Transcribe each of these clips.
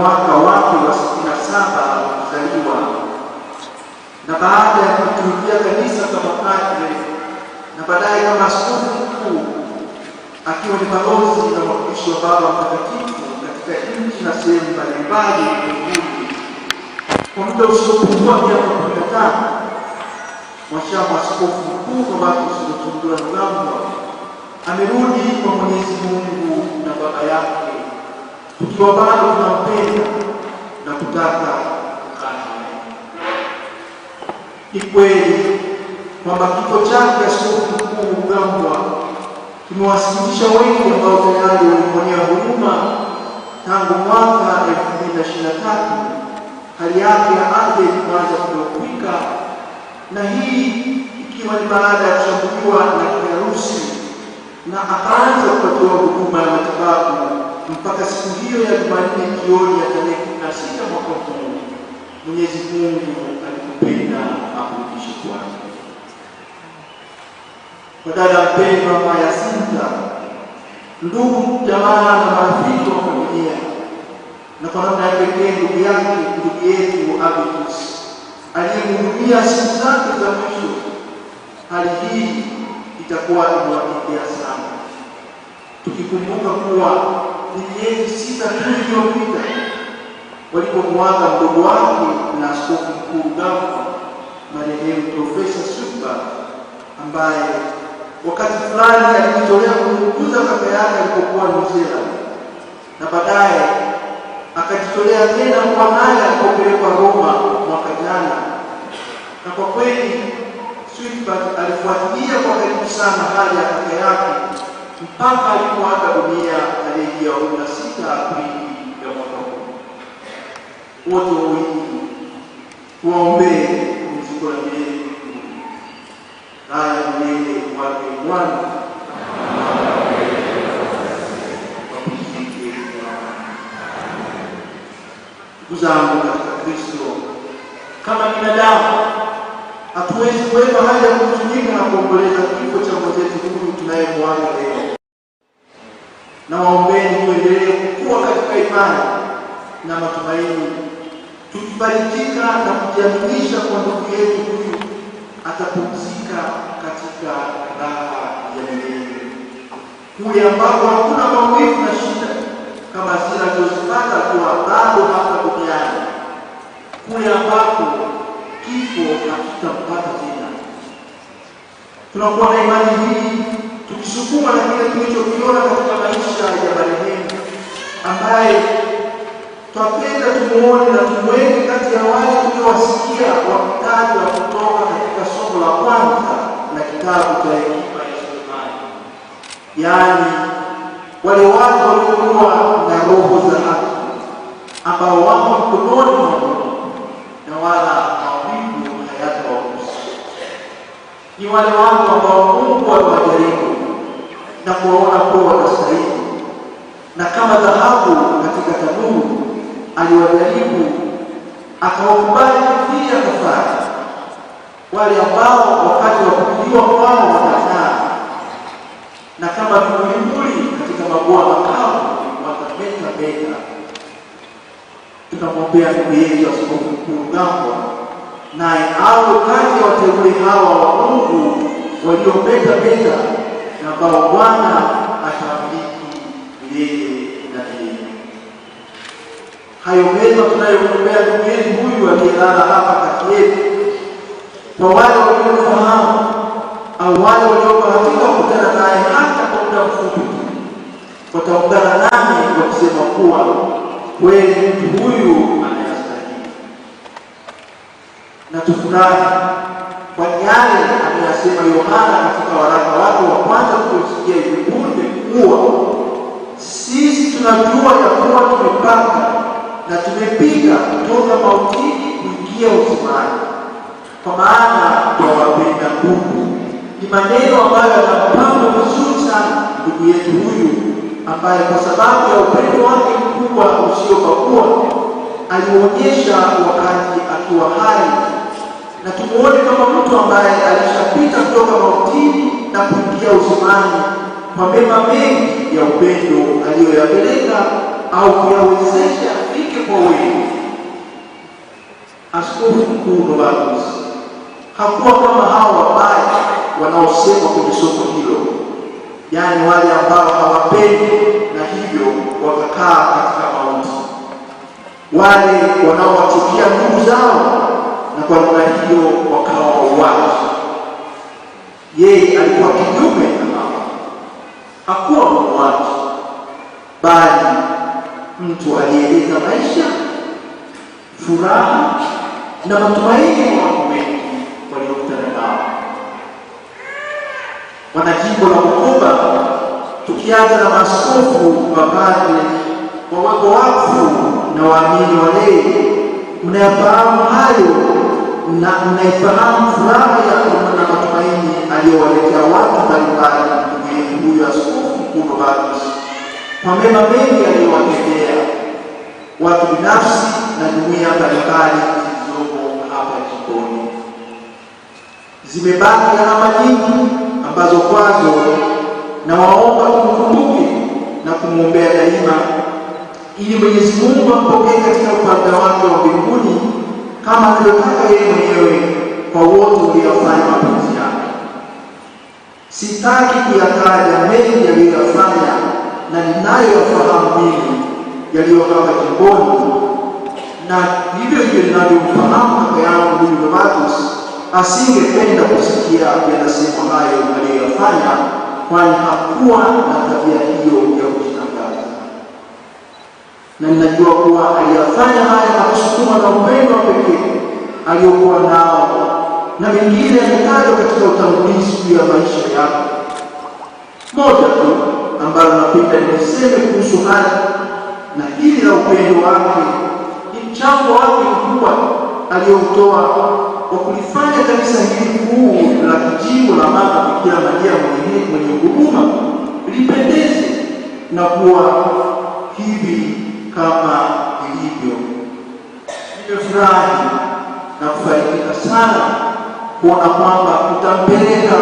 mwaka wake wa 67 na wa kuzaliwa na baada ya kutumikia kanisa kama padre na baadaye kama askofu mkuu akiwa ni balozi na mwakilishi wa Baba Mtakatifu katika nchi na sehemu mbalimbali ulimwenguni. Kwa muda usiopungua miaka kumi na tano mwashamu askofu mkuu Novatus Rutundura Rugambwa amerudi kwa Mwenyezi Mungu ukiwa bado unampenda na kutaka ukana Ni kweli kwamba kifo chake Askofu Mkuu Rugambwa kimewasikitisha wengi ambao tayari walimwonea huruma tangu mwaka 2023 hali yake ya afya ilipoanza kudhoofika, na hii ikiwa ni baada ya kushambuliwa na kiharusi na siku hiyo ya Jumanne jioni ya tarehe kumi na sita mwaka elfu moja Mwenyezi Mungu alikupenda akurudishe kwake. dada mpendwa, maya sita, ndugu jamaa na marafiki wa familia, na kwa namna ya pekee ndugu yake, ndugu yetu Avitus aliyemhudumia siku zake za mwisho, hali hii itakuwa imewapitia sana, tukikumbuka kuwa miezi sita tu iliyopita walipomwaga mdogo wake na askofu mkuu Gamba marehemu Profesa Suba ambaye wakati fulani alijitolea kumguza kaka yake alipokuwa Nuzera na baadaye akajitolea tena kwa naye alipopelekwa Roma mwaka jana. Na kwa kweli Switbert alifuatilia kwa karibu sana hali ya kaka yake mpaka alipoaga dunia tarehe ya kumi na sita Aprili ya mwaka huu. Wote wawili tuwaombee kumshukuru Mwenyezi Mungu, naye wake Bwana Ndugu zangu katika Kristo, kama binadamu hatuwezi kuweka hali ya kuhuzunika na kuomboleza kifo cha mwenzetu huyu tunayemwaga leo na waombeni tuendelee kukua katika imani na matumaini, tukibarikika na kujiaminisha kwa ndugu yetu huyu atapumzika katika raha ya milele kule ambapo hakuna maumivu na shida kama zile alizozipata akiwa bado hapa duniani, kule ambapo kifo hakitampata tena. Tunakuwa na imani hii tukisukuma na kile tulichokiona katika maisha ya marehemu ambaye twapenda tumuone na tumweke kati ya wale tuliowasikia wa kutoka katika somo la kwanza la kitabu cha Hekima ya Sulemani, yaani wale watu waliokuwa na roho za haki ambao wako mkononi mwa Mungu na wala mawingu hayatawagusa, ni wale watu katika Mungu, aliwajaribu akawakubali kupitia kafara wale ambao wakati wa kukuliwa kwao wakataa, na kama tulimbuli katika mabua makao wakabeta beta. Tunamwombea ndugu yetu Askofu Mkuu Rugambwa, naye awe kati ya wateule hawa wa Mungu waliobeta beta na ambao Bwana atabariki yeye hayo mema tunayomwombea ndugu yetu huyu aliyelala hapa kati yetu, kwa wale waliofahamu au wale waliobahatika kukutana naye hata kwa muda mfupi, wataungana nami kwa kusema kuwa kweli mtu huyu anayastahili, na tufurahi kwa yale ameyasema Yohana katika waraka wake wa kwanza kuosikia hivi kuwa sisi tunajua ya kuwa tumepata na tumepita kutoka mautini kuingia uzimani, kwa maana twawapenda Mungu. Ni maneno ambayo yana vizuri sana ndugu yetu huyu ambaye kwa sababu ya upendo wake mkubwa usiopakua alionyesha wakati akiwa hai, na tumuone kama mtu ambaye alishapita kutoka mautini na kuingia uzimani kwa mema mengi ya upendo aliyoyapeleka au kuyawezesha kwa wengi. Askofu mkuu Novatus hakuwa kama hao wabaya wanaosemwa kwenye soko hilo, yaani wale ambao hawapendi na hivyo wakakaa katika mauti, wale wanaowachukia ndugu zao na kwa namna hiyo wakawa wauaji. Yeye alikuwa kinyume na hawa, hakuwa muuaji mtu alieleza maisha, furaha na matumaini kwa watu wengi waliokutana nao. Wana jimbo la Bukoba, tukianza na maaskofu, mapadre, wawako wakfu na waamini walei, mnayafahamu hayo na mnaifahamu furaha ya na matumaini aliyowaletea watu mbalimbali, ndugu yetu huyu askofu mkuu Novatus kwa mema mengi aliyowa binafsi na jumuiya mbalimbali zilizopo hapa Kigoni. Zimebaki alama nyingi ambazo kwazo na waomba kumkumbuke na kumwombea daima, ili Mwenyezi Mungu ampokee katika upanga wake wa mbinguni kama alivyotaka yeye mwenyewe kwa wote uliyafanya mapenzi yake. Sitaki kuyataja mengi yaliyoyafanya na ninayoyafahamu mimi yaliyotoka mbinguni, na hivyo hivyo ninavyomfahamu kaka yangu huyu Novatus asingependa kusikia yanasema hayo aliyoyafanya, kwani hakuwa na tabia hiyo ya kujitangaza, na ninajua kuwa aliyafanya haya na kusukuma na upendo wa pekee aliyokuwa nao na mengine yametajwa katika utangulizi juu ya maisha yako. Moja tu ambalo napenda niseme kuhusu haya na ili la upendo wake ni mchango wake mkubwa aliyoutoa kwa kulifanya kanisa hili kuu la kijivu la Mama Bikira Maria mwenye huruma lipendeze na kuwa hivi kama ilivyo. Nimefurahi na kufarijika sana kuona kwamba kutampeleka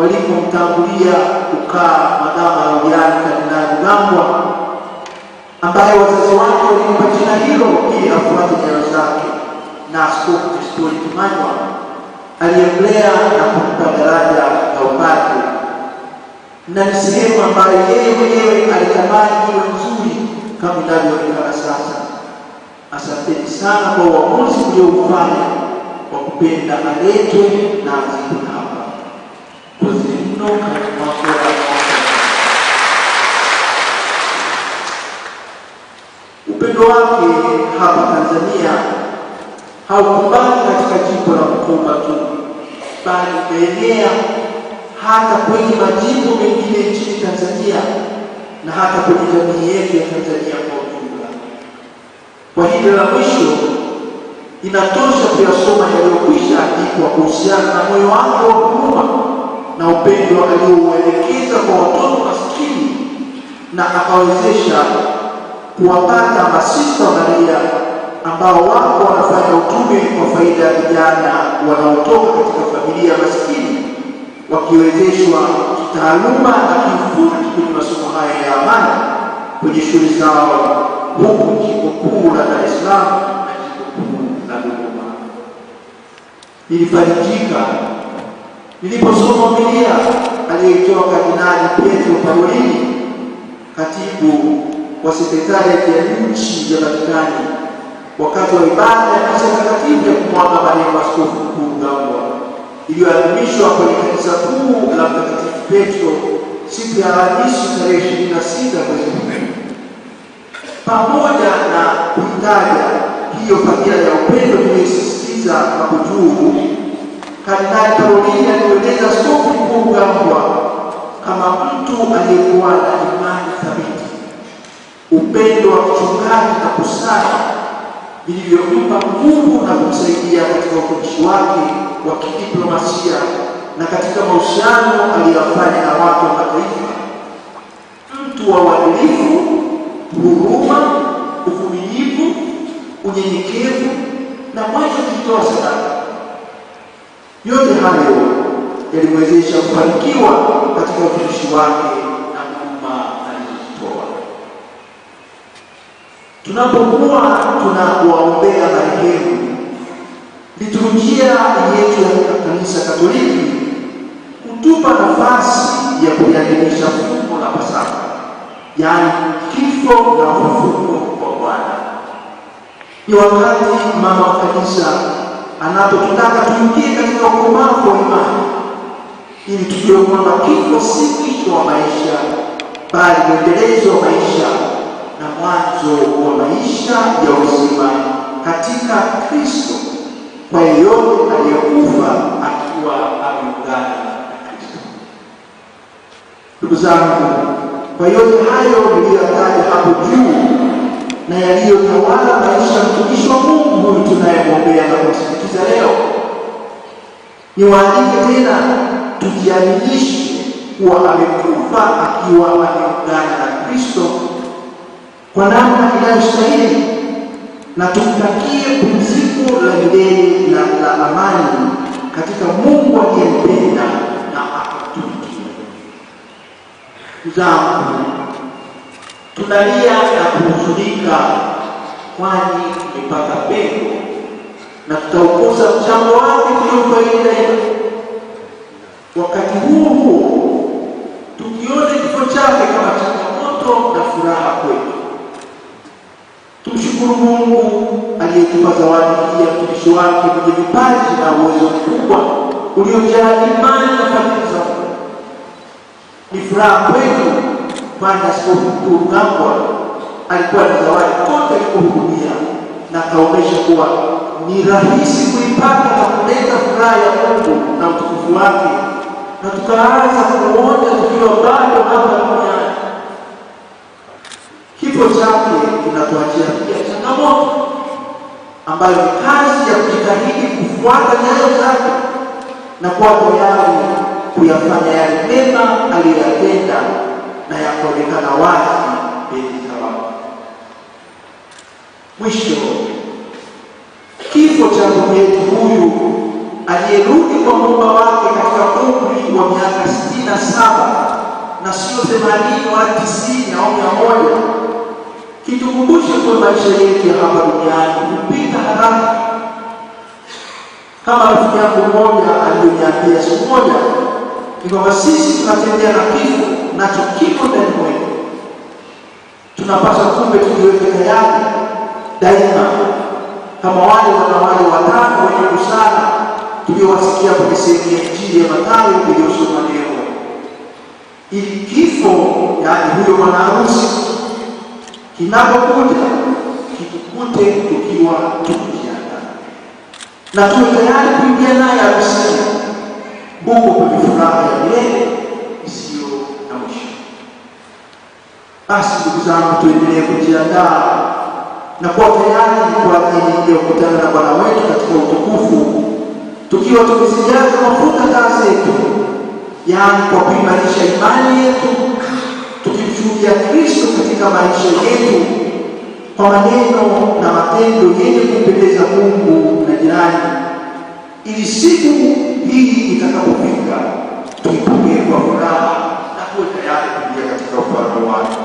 walipomtangulia kukaa Madama Auriani Kardinali Rugambwa ambaye wazazi wake walimpa jina hilo ili afuate nyayo zake, na Askofu Nestori Kimanywa aliyemlea na kumpa daraja la upadre, na ni sehemu ambayo yeye mwenyewe alitamani iwe nzuri kama inavyoonekana sasa. Asanteni sana kwa uamuzi mlioufanya kwa kupenda aletwe na azikwe hapa Kozi mno katika Muundo wake hapa Tanzania haukubali katika jimbo la Bukoba tu, bali umeenea hata kwenye majimbo mengine nchini Tanzania na hata kwenye jamii yetu ya Tanzania kwa ujumla. Kwa hili la mwisho, inatosha kuyasoma yaliyokwisha andikwa kuhusiana na moyo wake wa huruma na upendo aliouelekeza kwa watoto maskini na akawezesha kuwapata masista Maria ambao wako wanafanya utume kwa faida ya vijana wanaotoka katika familia maskini, wakiwezeshwa kitaaluma na kiufundi kwenye masomo haya ya amani kwenye shule zao huku jimbo kuu la Dar es Salaam na jimbo kuu la Dodoma. Nilifarijika niliposoma homilia aliyetoa Kardinali Pietro Parolini, katibu wa sekretarieti ya nchi ya Vatikani wakati wa ibada ya misa takatifu ya kumwaga marehemu Askofu Mkuu Rugambwa iliyoadhimishwa kwenye kanisa kuu la Mtakatifu Petro siku ya Alhamisi tarehe 26 mwezi huu. Pamoja na kuitaja hiyo fadhila ya upendo nimesisitiza na kutubu, Kardinali Parolin alieleza Askofu Mkuu Rugambwa kama mtu aliyekuwa na imani thabiti upendo wa mchungaji na kusali vilivyompa nguvu na kumsaidia katika utumishi wake wa kidiplomasia na katika mahusiano aliyofanya na watu wa mataifa. Mtu wa uadilifu, huruma, uvumilivu, unyenyekevu na mwenye kujitoa sadaka. Yote hayo yalimwezesha kufanikiwa katika utumishi wake. Tunapokuwa tunawaombea marehemu, liturujia yetu ya Kanisa Katoliki kutupa nafasi ya kuiadhimisha fumbo la Pasaka, yaani kifo na ufufuko wa Bwana. Ni wakati mama wa kanisa anapotutaka tuingie katika ukomavu wa imani, ili tujue kwamba kifo si mwisho wa maisha, bali mwendelezo wa maisha mwanzo wa maisha ya uzima katika Kristo kwa yeyote aliyekufa akiwa ameungana na Kristo. Ndugu zangu, kwa yote hayo niliyotaja hapo juu na yaliyotawala maisha mtumishi wa Mungu huyu tunayemwombea na kumsindikiza leo, niwaalike tena tujiaminishe kuwa amekufa akiwa ameungana na Kristo kwa namna inayostahili na tumtakie pumziko la milele la amani katika Mungu aliyempenda na akatumikia. Ndugu zangu, tunalia na kuhuzunika, kwani tumepata pengo na tutaokosa mchango wake. zawadi ya mtumishi wake kwenye vipaji na uwezo mkubwa uliojaa imani na fadhili za Mungu. Ni furaha kwetu kwani Askofu Mkuu Rugambwa alikuwa na zawadi kote alikohudumia, na akaonyesha kuwa ni rahisi kuipata na kuleta furaha ya Mungu na utukufu wake, na tukaanza kuona tukiwa bado hapa duniani. Kifo chake kinatuachia pia changamoto ambayo kazi ya kujitahidi kufuata nyayo zake na kuwa tayari kuyafanya yale mema aliyoyatenda na yakuonekana wazi mbele za watu. Mwisho, kifo cha ndugu yetu huyu aliyerudi kwa Muumba wake katika umri wa miaka sitini na saba na sio themanini wala tisini au mia moja kitukumbushe kwa maisha yetu ya hapa duniani kupita haraka. Kama rafiki yangu mmoja aliyoniambia siku moja, ni kwamba sisi tunatembea na kifo, nacho kiko ndani mwetu. Tunapaswa kumbe tujiweke tayari daima, kama wale wanawali watano wenye busara tuliowasikia kwenye sehemu ya Injili ya Mathayo iliyosoma leo, ili kifo, yaani huyo mwanaarusi kinapokuja kikukute tukiwa tukijiandaa na tuwe tayari kuingia naye harusini Mungu kwenye furaha ya milele isiyo na mwisho. Basi ndugu zangu, tuendelee kujiandaa na kuwa tayari kwa ajili ya kukutana na Bwana wetu katika utukufu, tukiwa tumezijaza mafuta taa zetu, yaani kwa kuimarisha imani yetu tukimtumia Kristo katika maisha yetu kwa maneno na matendo yenye kumpendeza Mungu na jirani, ili siku hii itakapofika tuipokee kwa furaha na kuwa tayari kuingia katika ufalme wake.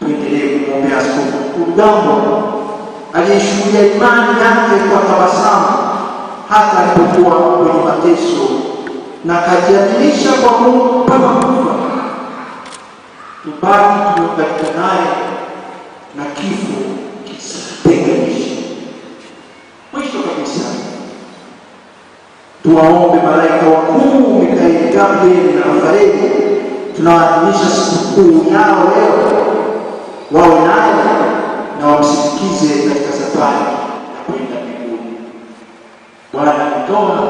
Tuendelee kumwombea Askofu Mkuu Rugambwa aliyeshuhudia imani yake kwa tabasamu hata alipokuwa kwenye mateso na kajiadilisha kwa Mungu mpaka kufa tubaki tumeunganika naye na kifo kisitenganishe. Mwisho kabisa, tuwaombe malaika wakuu Mikaeli, Gabrieli na Rafaeli, tunawaadhimisha sikukuu yao leo, wawe naye na wamsindikize katika safari ya kwenda mbinguni. Bwana kutoa